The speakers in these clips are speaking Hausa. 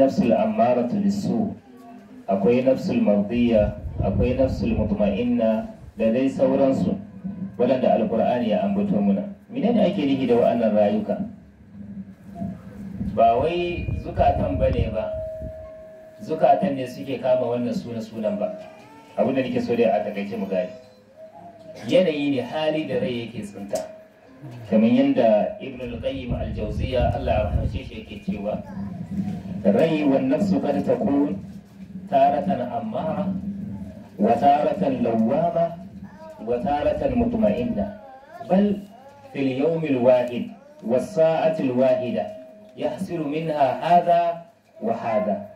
nafsul ammaratu lissu akwai nafsul mardiya akwai nafsul mutma'inna da dai sauransu waɗanda alkur'ani ya ambato muna menene ake nihi da wa'annan rayuka ba wai zukatan ba ne ba zukatan ne suke kama wannan suna sunan ba abin da nake so dai a takaice mu gane yanayi ne hali da rai yake tsinta kamar yadda ibn al-qayyim al-jawziya Allah ya rahmace shi yake cewa الري والنفس قد تكون تارة أمارة وتارة لوامة وتارة مطمئنة بل في اليوم الواحد والساعة الواحدة يحصل منها هذا وهذا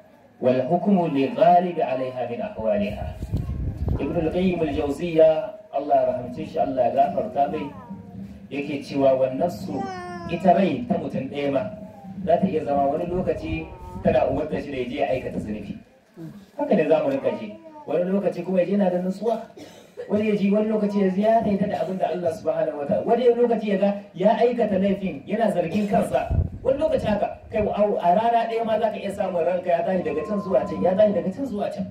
والحكم لغالب عليها من أحوالها ابن القيم الجوزية الله رحمته الله لا تابي يكي cewa wannan su تموت rai za ta iya zama wani lokaci tana umarta shi da ya je ya aikata zunubi haka ne za mu rinka ji wani lokaci kuma ya je na da nutsuwa wani ya ji wani lokaci ya ziyarta ita da abin da Allah subhanahu ta wani lokaci ya ga ya aikata laifin yana zargin kansa wani lokaci haka kai a rana ɗaya ma za ka iya samun ranka ya tashi daga can zuwa can ya tashi daga can zuwa can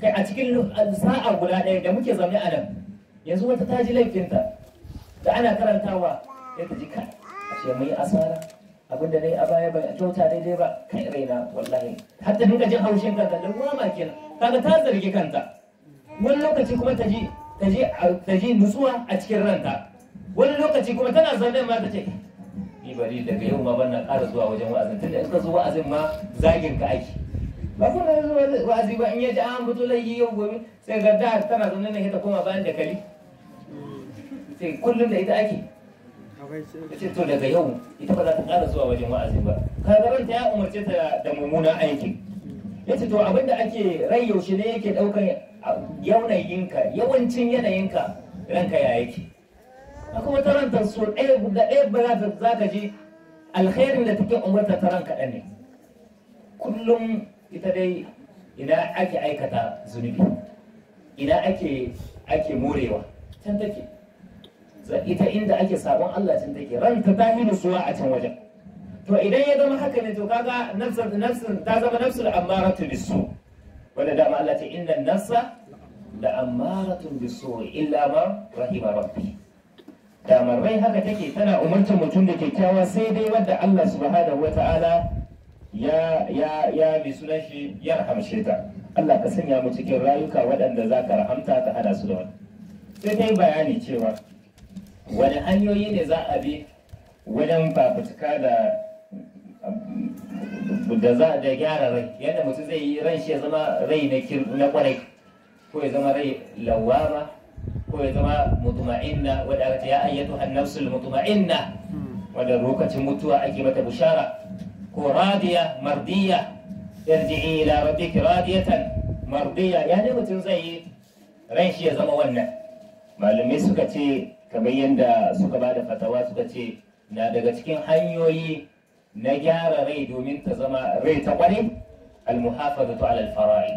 kai a cikin sa'a guda ɗaya da muke zaune a nan yanzu wata ta ji laifinta da ana karantawa ya ta ji kai a ce mai asara abin da nayi a baya ban kyauta daidai ba kai raina wallahi har ta dinga jin haushin kanta da goma kenan kaga ta zargi kanta wani lokaci kuma ta ji ta ji ta ji nutsuwa a cikin ranta wani lokaci kuma tana zaune ma ta ce ni bari daga yau ma ban na ƙara zuwa wajen wa'azin tunda in ka zo wa'azin ma zagin ka aiki ba na zuwa wa'azi ba in ya ji an fito laifi yau gobe sai ga da tana zaune ne ta koma bayan da kali sai kullum da ita ake ce to daga yau ita ba za ta ƙara zuwa wajen wa'azi ba kaga ta ya umarce ta da mumuna aiki ya ce to abinda ake rai yaushe ne yake ɗaukar yanayinka yawancin yanayinka ranka ya yake a kuma ta ranta so ɗaya guda ɗaya ba za ka ji alkhairin da take umarta ta ranka ɗan ne kullum ita dai ina ake aikata zunubi ina ake ake morewa can take ita inda ake sabon Allah can take ranta ta yi nutsuwa a can wajen to idan ya zama haka ne to kaga nafsin nafsin ta zama nafsul ammaratu bisu wanda ma Allah ce inna nafsa la ammaratu bisu illa ma rahima rabbi damar rai haka take tana umartar mutum da kyakkyawa sai dai wadda Allah subhanahu wata'ala ya ya ya bi sunan shi ya rahamshe ta Allah ka sanya mu cikin rayuka waɗanda za ka rahamta ka hada su da wani sai ta yi bayani cewa wani hanyoyi ne za a bi wajen fafutuka da da za da gyara rai yadda mutum zai yi ran shi ya zama rai na kwarai ko ya zama rai lawama ko ya zama mutuma'inna wadda aka ce ya ayyatu annafsul mutuma'inna hmm. wadda lokacin mutuwa ake mata bushara ko radiya mardiya irji'i ila rabbiki radiyatan mardiya ya ne mutum zai yi ran shi ya zama wannan malamai suka ce kamar yadda suka ba da fatawa suka ce na daga cikin hanyoyi na gyara rai domin ta zama rai ta kwarai almuhafazatu alal fara'i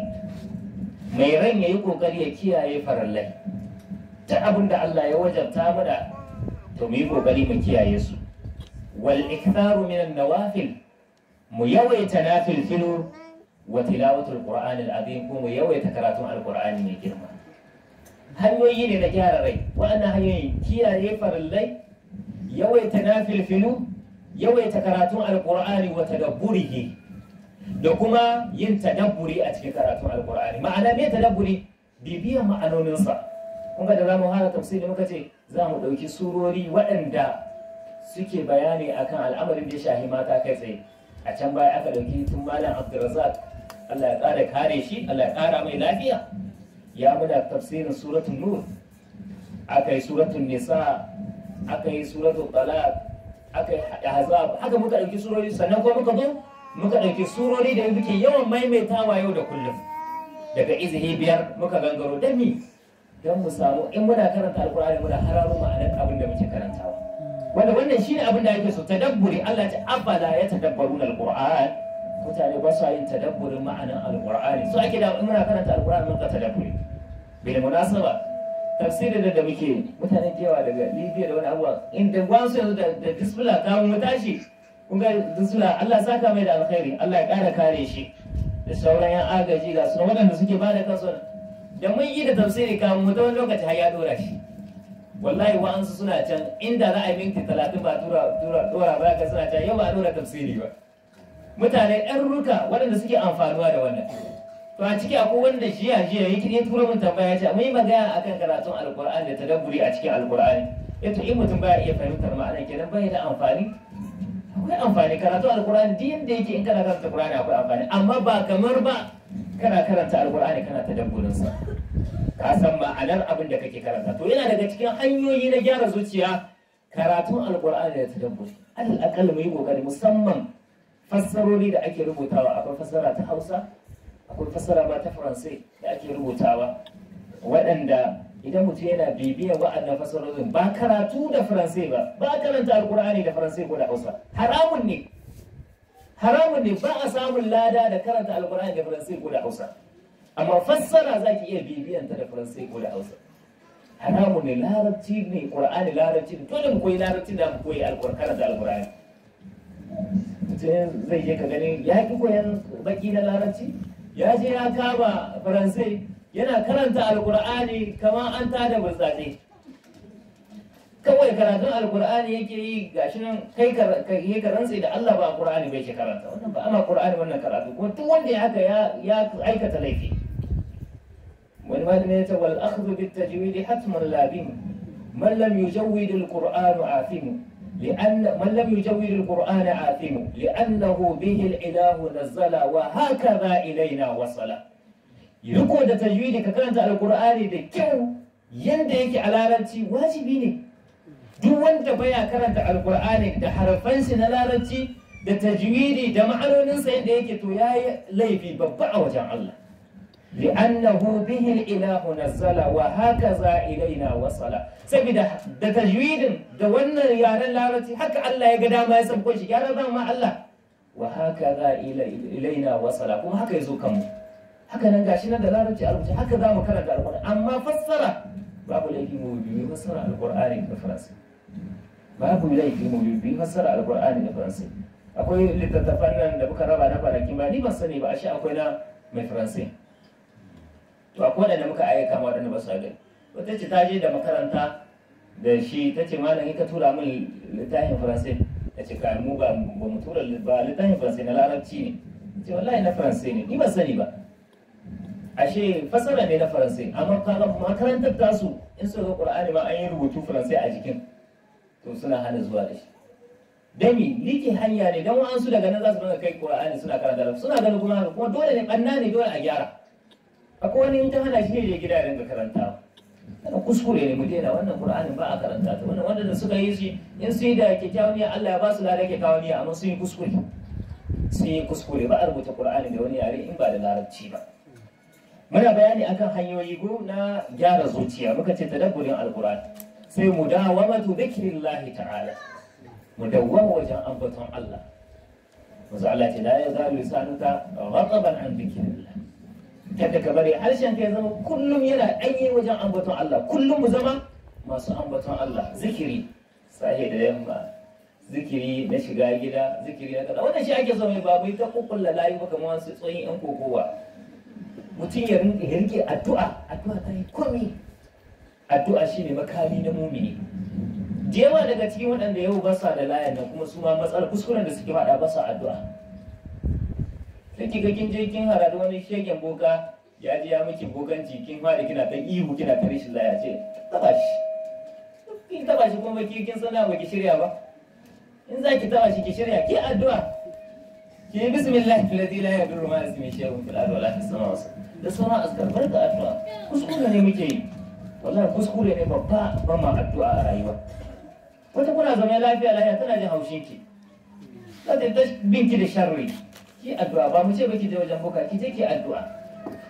mai ran ya yi kokari ya kiyaye farallai ta abin da Allah ya wajabta mana to mu yi kokari mu kiyaye su wal iktharu min nawafil mu yawaita nafilfilu wa tilawatul qur'anil azim ko mu yawaita karatun alqur'ani mai girma hanyoyi ne na gyara rai waɗannan hanyoyin kiyaye farillai yawaita nafilfilu yawaita karatun alkur'ani wa tadabburihi da kuma yin tadabburi a cikin karatun alkur'ani ma'ana me tadabburi bibiyan ma'anoninsa kun ga da zamu fara tafsiri muka ce za mu ɗauki surori waɗanda suke bayani akan al'amarin da ya shahi mata kai tsaye a can baya aka ɗauki tun malam abdulrazak Allah ya kare shi Allah ya ƙara mai lafiya ya muna tafsirin suratun nur aka yi suratun nisa aka yi suratun talaq aka yi ahzab haka muka ɗauki surori sannan ko muka zo muka ɗauki surori da muke yawan maimaitawa yau da kullum daga izihi biyar muka gangaro da mi don mu samu in muna karanta alkur'ani muna hararo ma'anar abin da muke karantawa wanda wannan shine abin da ake so Ta tadabburi Allah ta abada ya ta dabbaru nal alkur'ani mutane ba su yin tadabburin ma'anin Alƙur'ani. so ake da muna karanta Alƙur'ani mun ka tadabburi da munasaba tafsirin da muke mutane da yawa daga libya da wani abuwa inda wasu yanzu da disbula kawo mu tashi kun ga disbula Allah saka mai da alkhairi Allah ya kara kare shi da sauran yan agaji ga su waɗanda suke ba da kansu da mun yi da tafsiri kawo mu ta wani lokaci har ya dora shi wallahi wa'ansu suna can inda za a yi minti talatin ba tura tura ba ka suna can yau ba a dora tafsiri ba mutane ruka waɗanda suke amfanuwa da wannan to a ciki akwai wanda jiya jiya ya ne tura mun tambaya ce mai magana akan karatun alqur'ani da tadabburi a cikin alqur'ani yato in mutum baya iya fahimtar ma'anar kenan bai da amfani akwai amfani karatu alqur'ani duk inda yake in kana karanta alqur'ani akwai amfani amma ba kamar ba kana karanta alqur'ani kana tadabburin sa ka san ma'anar abin da kake karanta to yana daga cikin hanyoyi na gyara zuciya karatun alqur'ani da tadabburi alal aqal mu yi kokari musamman fassarori da ake rubutawa akwai fassara ta hausa akwai fassara ma ta faransai da ake rubutawa waɗanda idan mutum yana bibiyan wa'annan fassarorin ba karatu da faransai ba ba karanta alkur'ani da faransai ko da hausa haramun ne haramun ne ba a samun lada da karanta alkur'ani da faransai ko da hausa amma fassara za ki iya bibiyan ta da faransai ko da hausa haramun ne larabci ne qur'ani larabci ne dole mu koyi larabci da mu koyi alkur'ani da alkur'ani je zai je ka gani ya ki yana karanta alkur'ani kamar an tada burtsatse kawai karatun alkur'ani yake yi gashi nan kai kai ka rantse da Allah ba alkur'ani bai ke karanta wannan ba ana qur'ani wannan karatu ko duk wanda ya haka ya aikata laifi wani malami ya ce wal akhdhu bit tajwid hatman labim man lam yujawwid alqur'anu afimu لأن من لم يجوز القرآن آثم لأنه به الإله نزل وهكذا إلينا وصل da tajwidi ka karanta alkur'ani da kyau yadda yake a larabci wajibi ne duk wanda baya karanta alkur'ani da harafansa na larabci da tajwidi da ma'anoninsa yadda yake to yayi laifi babba a wajen Allah li'annahu bihi al-ilahu nazzala wa hakaza ilaina wasala saboda da tajwidin da wannan yaren larabci haka Allah ya ga dama ya sabko shi yaren ran ma Allah wa hakaza ilaina wasala kuma haka yazo kanmu haka nan gashi nan da larabci a rubuce haka zamu karanta alqur'ani amma fassara babu laifi mu bibi fassara alqur'ani da faransa akwai littattafan nan da muka raba na kwanaki ba ni ban sani ba ashe akwai na mai faransa to a da muka ayyuka waɗanda ba su gani wata ce ta je da makaranta da shi ta ce ma ka tura min littafin faransai ta ce ka mu ba mu tura ba littafin faransai na larabci ne ce wallahi na faransai ne ni ba sani ba ashe fasara ne na faransai amma kaga makarantar tasu in su ga qur'ani ma an yi rubutu faransai a jikin to suna hana zuwa da shi dami liki hanya ne dan wa'ansu daga nan za su dinga kai qur'ani suna karanta suna ganin kuma kuma dole ne banna ne dole a gyara akwai wani ta hana shi ne gida ya karanta wannan kuskure ne mu daina wannan qur'anin ba a karanta ta wannan wanda suka yi shi in sun yi da kyakkyawan niyya Allah ya ba su lada kyakkyawan niyya amma sun yi kuskure sun yi kuskure ba a rubuta qur'ani da wani yare in ba da larabci ba muna bayani akan hanyoyi go na gyara zuciya muka ce tadabburin alqur'ani sai mu dawamatu dhikrillahi ta'ala mu dawwama wajen ambaton Allah manzo Allah ce la yazalu lisanuka ghadaban an dhikrillah kada ka bari harshen ka ya zama kullum yana ɗanye wajen ambaton Allah kullum mu zama masu ambaton Allah zikiri sahi da yamma zikiri na shiga gida zikiri na kada. wannan shi ake so mai babu ta kokulla layi ba kamar wasu tsoyin yan kokowa mutum ya rike addu'a addu'a ta yi komi addu'a shine makami na mumini da yawa daga cikin waɗanda yau ba sa da layan nan kuma su ma matsalar kuskuren da suke faɗa ba sa addu'a sai ki kin je kin harari wani shegen boka ya ji ya miki bokanci kin fara kina ta ihu kina ta rishin laya ce taba shi kin taba shi kuma ki kin sana ba ki shirya ba in za ki taba shi ki shirya ki addu'a ki yi bismillah alladhi la yadurru ma ismi shay'un fil ardi wa la fis sama'i da sauran azkar da addu'a kuskure ne muke yi wallahi kuskure ne babba ba ma addu'a a rayuwa wata kuna zama lafiya lafiya tana jin haushin ki za ta bin ki da sharri ki addu'a ba mu ce ba ki je wajen buka ki je ki addu'a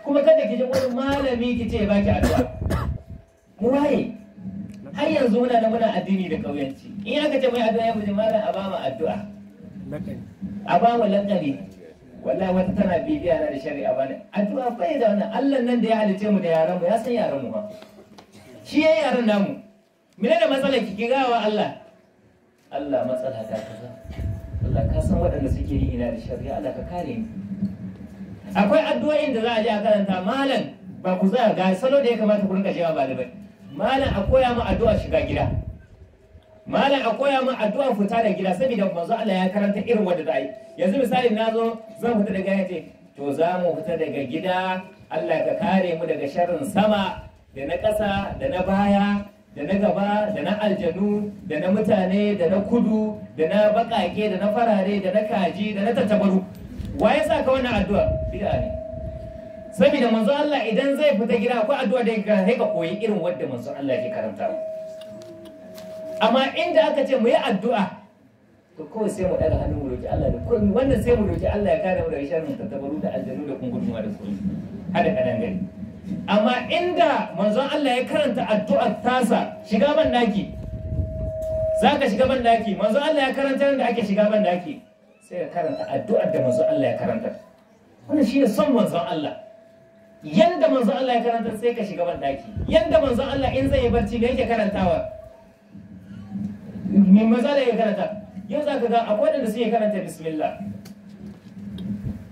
kuma kada ki je wani malami ki ce ba ki addu'a mu waye har yanzu muna da muna addini da kauyanci in aka ce mai addu'a ya buji malam a ba mu addu'a a ba mu lakari wallahi wata tana bibiya na da shari'a ba ne addu'a bai da wannan Allah nan da ya halice mu da yaran mu ya san yaran mu ba shi yayi yaran namu mene da matsalar ki gawa Allah Allah matsala ta kaza Allah ka san waɗanda suke yi ina da shari'a Allah ka kare ni. akwai addu'o'in da za a je a karanta malam ba ku za ga salo da ya kamata ku rinka cewa balibai malam a koya mu addu'a shiga gida malam a koya mu addu'a fita da gida saboda manzo Allah ya karanta irin wanda da yanzu misali na zo zan fita daga yace to za mu fita daga gida Allah ka kare mu daga sharrin sama da na ƙasa da na baya da na gaba da na aljanu da na mutane da na kudu da na bakake da na farare da na kaji da na tattabaru wa ya saka wannan addu'a bid'a ne saboda manzo Allah idan zai fita gida akwai addu'a da ka sai ka koyi irin wanda manzo Allah ke karanta amma inda aka ce mu yi addu'a to kawai sai mu daga hannun mu roki Allah da komai wannan sai mu roki Allah ya kare mu daga sharrin tattabaru da aljanu da kunguruma da komai hada kadan gari amma inda manzon Allah ya karanta addu'ar tasa shiga ban daki za ka shiga ban daki manzon Allah ya karanta da ake shiga ban daki sai ka karanta addu'ar da manzon Allah ya karanta wannan shi ne son manzon Allah yanda manzon Allah ya karanta sai ka shiga ban daki yanda manzon Allah in zai yi barci ga yake karantawa me manzon Allah ya karanta yau za ka ga akwai wanda suke karanta bismillah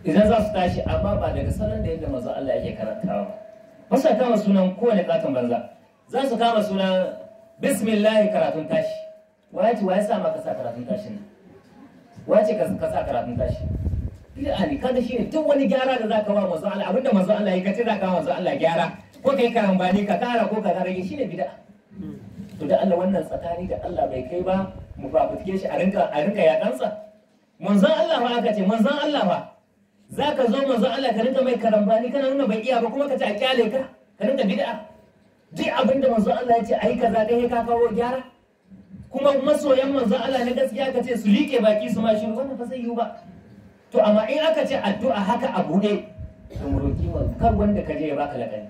idan za su tashi amma ba daga salon da yadda manzon Allah yake karantawa ba masu su kama sunan kowane katon banza za su kama sunan bismillah karatun tashi wace wa ya sa maka sa karatun tashi ne wace ka sa karatun tashi yani kada shi ne duk wani gyara da za ka wa manzo Allah abinda manzo Allah ya kace za ka wa manzo Allah gyara ko kai ka ambani ka kara ko ka rage shine bid'a to da Allah wannan tsakani da Allah bai kai ba mu fafutuke shi a rinka a rinka yakansa manzo Allah ba aka ce manzo Allah fa za ka zo manzo Allah ka rinka mai karambani kana nuna bai iya ba kuma ka ce a kyale ka ka rinka bid'a duk abin da manzo Allah ya ce ayi kaza dai ka kawo gyara kuma masoyan manzo Allah na gaskiya ka ce su rike baki su ma shi wanda ba zai yiwu ba to amma in aka ce addu'a haka a bude to mu roki manzo kar wanda ka je ya baka lakani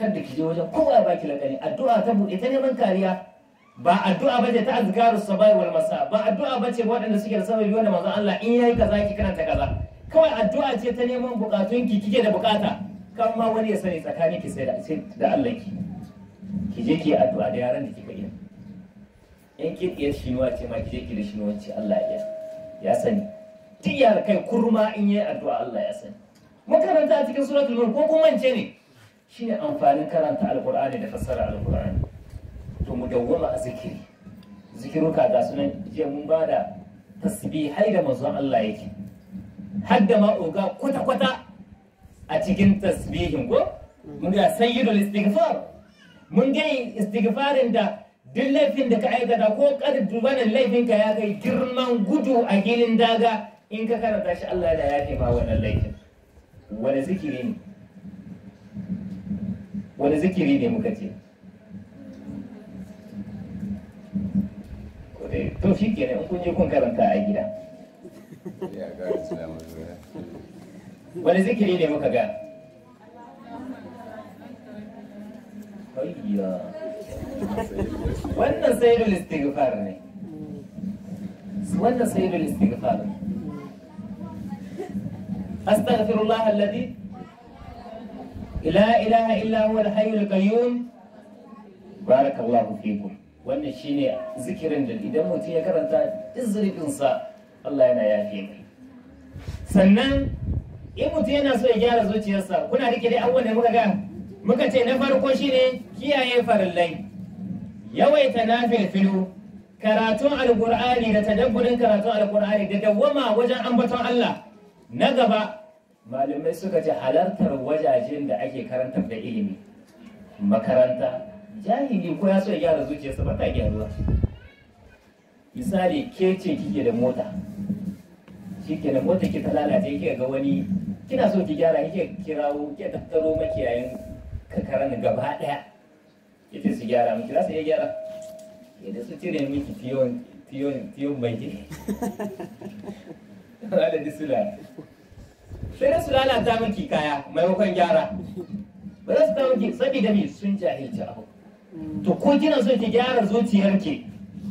kar da ki je wajen kowa ya baki lakani addu'a ta bude ta neman kariya ba addu'a bace ta azkarus sabai wal masa ba addu'a bace waɗanda suke da sababi wanda manzo Allah in yayi kaza ki karanta kaza kawai addu'a ce ta neman bukatun ki kike da bukata kan ma wani ya sani tsakanin ki sai da Allah ki ki je ki addu'a da yaran da kika iya in ki iya shinuwa ce ma ki je ki da shinuwanci Allah ya ya sani tiyar kai kurma in yi addu'a Allah ya sani makaranta a cikin suratul mulk ko kuma ce ne shine amfanin karanta alqur'ani da fassara alqur'ani to mu dawwama a zikiri zikiruka ga sunan jiya mun bada tasbihai da manzon Allah yake hadda da ma oga kwata-kwata a cikin tasbihin ko mun ga sayyidul istighfar mun ga istighfarin da duk laifin da ka aikata ko karin dubanin laifin ka ya kai girman gudu a gilin daga in ka karanta shi Allah da ya ma wannan laifin wani zikiri ne wani zikiri ne muka ce to shi kenan in kun je kun karanta a gida ولذكري لي مكا قال وانا سيد الاستغفار وانا سيد الاستغفار استغفر الله الذي لا اله الا هو الحي القيوم بارك الله فيكم وانا شيني ذكرا جديدا موتي يا كرنتا تزرق انصار Allah yana yafe mai sannan in mutum yana so ya gyara zuciyarsa kuna rike dai abubuwan da muka ga muka ce na farko shine kiyaye farillai yawaita nafilfilu karatun alkur'ani da tadabburin karatun alkur'ani da dawwama wajen ambaton Allah na gaba malamai suka ce halartar wajajen da ake karantar da ilimi makaranta jahili ko ya so ya gyara zuciyarsa ba ta gyaruwa misali ke kike da mota shikenan motar ki ta lalace kika ga wani kina so ki gyara kike kirawo ki tattaro makiyayin kakaran gaba daya kike su gyara miki za su iya gyara idan su cire miki tiyon tiyon tiyon baki da sula sai da sulala ta miki kaya maimakon gyara ba za su ta miki saboda me sun jahilci abu to ko kina so ki gyara zuciyarki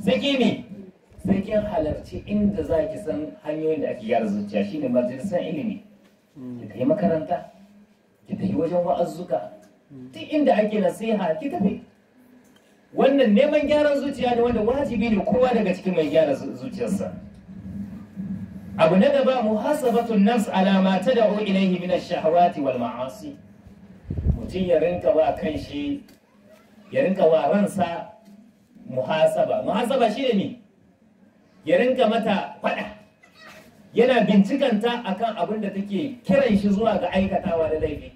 sai ki me sai kin halarci inda za ki san hanyoyin da ake gyara zuciya Shi ne majalisar ilimi ki tafi makaranta ki tafi wajen wa'azzuka duk inda ake nasiha ki tafi wannan neman gyaran zuciya ne wanda wajibi ne kowa daga cikin mai gyara zuciyarsa abu na gaba mu muhasabatun su alama ta o ilaihi min ash-shahawati wal ma'asi mutum ya rinka wa kanshi ya rinka wa ransa muhasaba muhasaba ne ne ya rinka mata faɗa yana bincikanta akan abin da take kiran shi zuwa ga aikatawa da laifi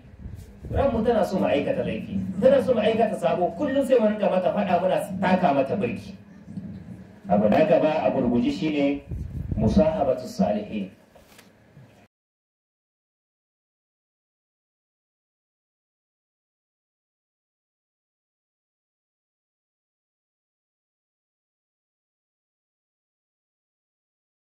ranmu tana so mu aikata laifi tana so mu aikata sabo kullum sai mu rinka mata faɗa muna taka mata birki abu na gaba a gurguji shine musahabatu salihin